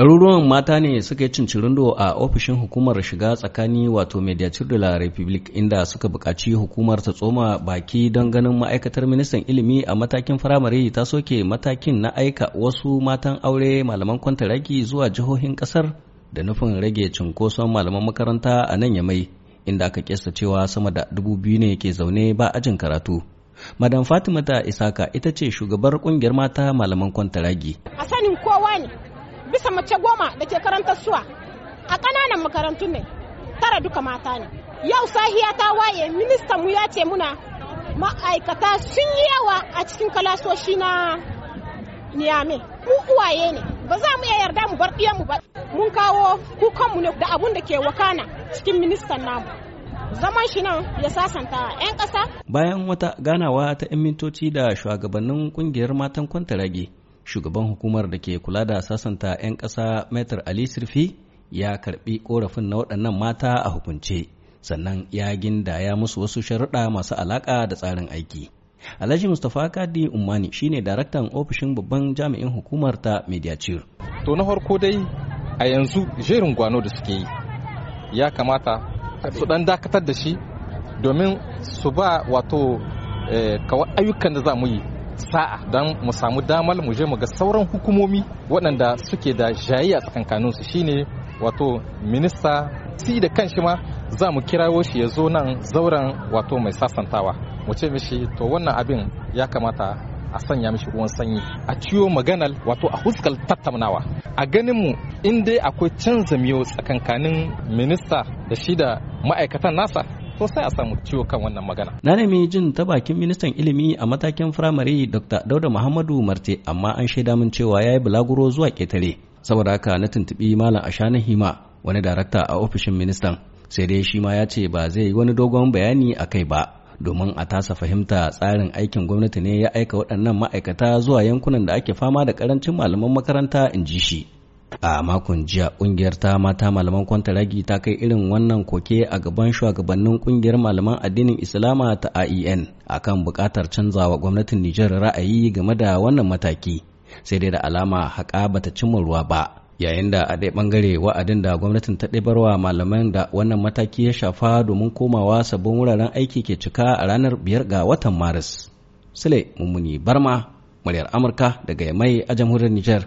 ɗaruruwan mata ne suka yi cincirindo a ofishin hukumar shiga tsakani wato mediatur de la republic inda suka buƙaci hukumar ta tsoma baki don ganin ma'aikatar ministan ilimi a matakin firamare ta soke matakin na aika wasu matan aure malaman kwantaragi zuwa jihohin ƙasar da nufin rage cunkoson malaman makaranta a nan yamai inda aka kesa cewa sama da dubu biyu ne ke zaune ba ajin karatu madam fatimata isaka ita ce shugabar kungiyar mata malaman kwantaragi a sanin kowa ne bisa mace goma da ke karantar suwa a ƙananan makarantu ne tara duka mata ne yau sahiya ta waye ministan mu ya ce muna ma'aikata sun yi yawa a cikin kalasoshi na niyame mu uwaye ne ba za mu iya yarda mu bar mu ba mun kawo kukanmu ne da abun da ke wakana cikin ministan namu zaman shi nan ya sasanta 'yan ƙasa bayan wata ganawa ta 'yan mintoci da shugabannin kungiyar matan kwantarage shugaban hukumar da ke kula da sasanta 'yan ƙasa metar ali sirfi ya karɓi korafin na waɗannan mata a hukunce sannan ya gindaya musu wasu sharuɗa masu alaƙa da tsarin aiki alhaji mustapha kadi umani shine daraktan ofishin babban jami'in hukumar ta mediacir to na farko dai a yanzu jerin gwano da suke yi ya kamata su ɗan dakatar da shi domin su ba wato eh, kawai ayyukan da za mu yi sa'a don mu samu damar mu je mu ga sauran hukumomi waɗanda suke da a tsakankanin su shine wato minista si da kanshi ma za mu kirawo shi ya zo nan zauren wato mai sasantawa mu ce mishi to wannan abin ya kamata a sanya mishi ruwan sanyi a ciwo maganar wato a huskar tattaunawa a ganin mu in dai akwai canza miyo tsakankanin minista da shi da ma'aikatan nasa to sai a samu ciwo kan wannan magana na nemi jin ta bakin ministan ilimi a matakin firamare dr dauda muhammadu marte amma an shaida min cewa ya yi bulaguro zuwa ketare saboda haka na tuntubi malam ashana hima wani darakta a ofishin ministan sai dai shi ma ya ce ba zai yi wani dogon bayani a kai ba domin a tasa fahimta tsarin aikin gwamnati ne ya aika waɗannan ma'aikata zuwa yankunan da ake fama da ƙarancin malaman makaranta in ji shi a makon jiya kungiyar ta mata malaman Kwanta-Ragi ta kai irin wannan koke a gaban shugabannin kungiyar malaman addinin islama ta aen akan bukatar canzawa gwamnatin nijar ra'ayi game da wannan mataki sai dai da alama haƙa bata cimma ruwa ba yayin da a ɗaya bangare wa'adin da gwamnatin ta wa malaman da wannan mataki ya shafa domin komawa sabbin wuraren aiki ke cika a ranar biyar ga watan maris sule mummuni barma muryar amurka daga mai a jamhuriyar Nijar.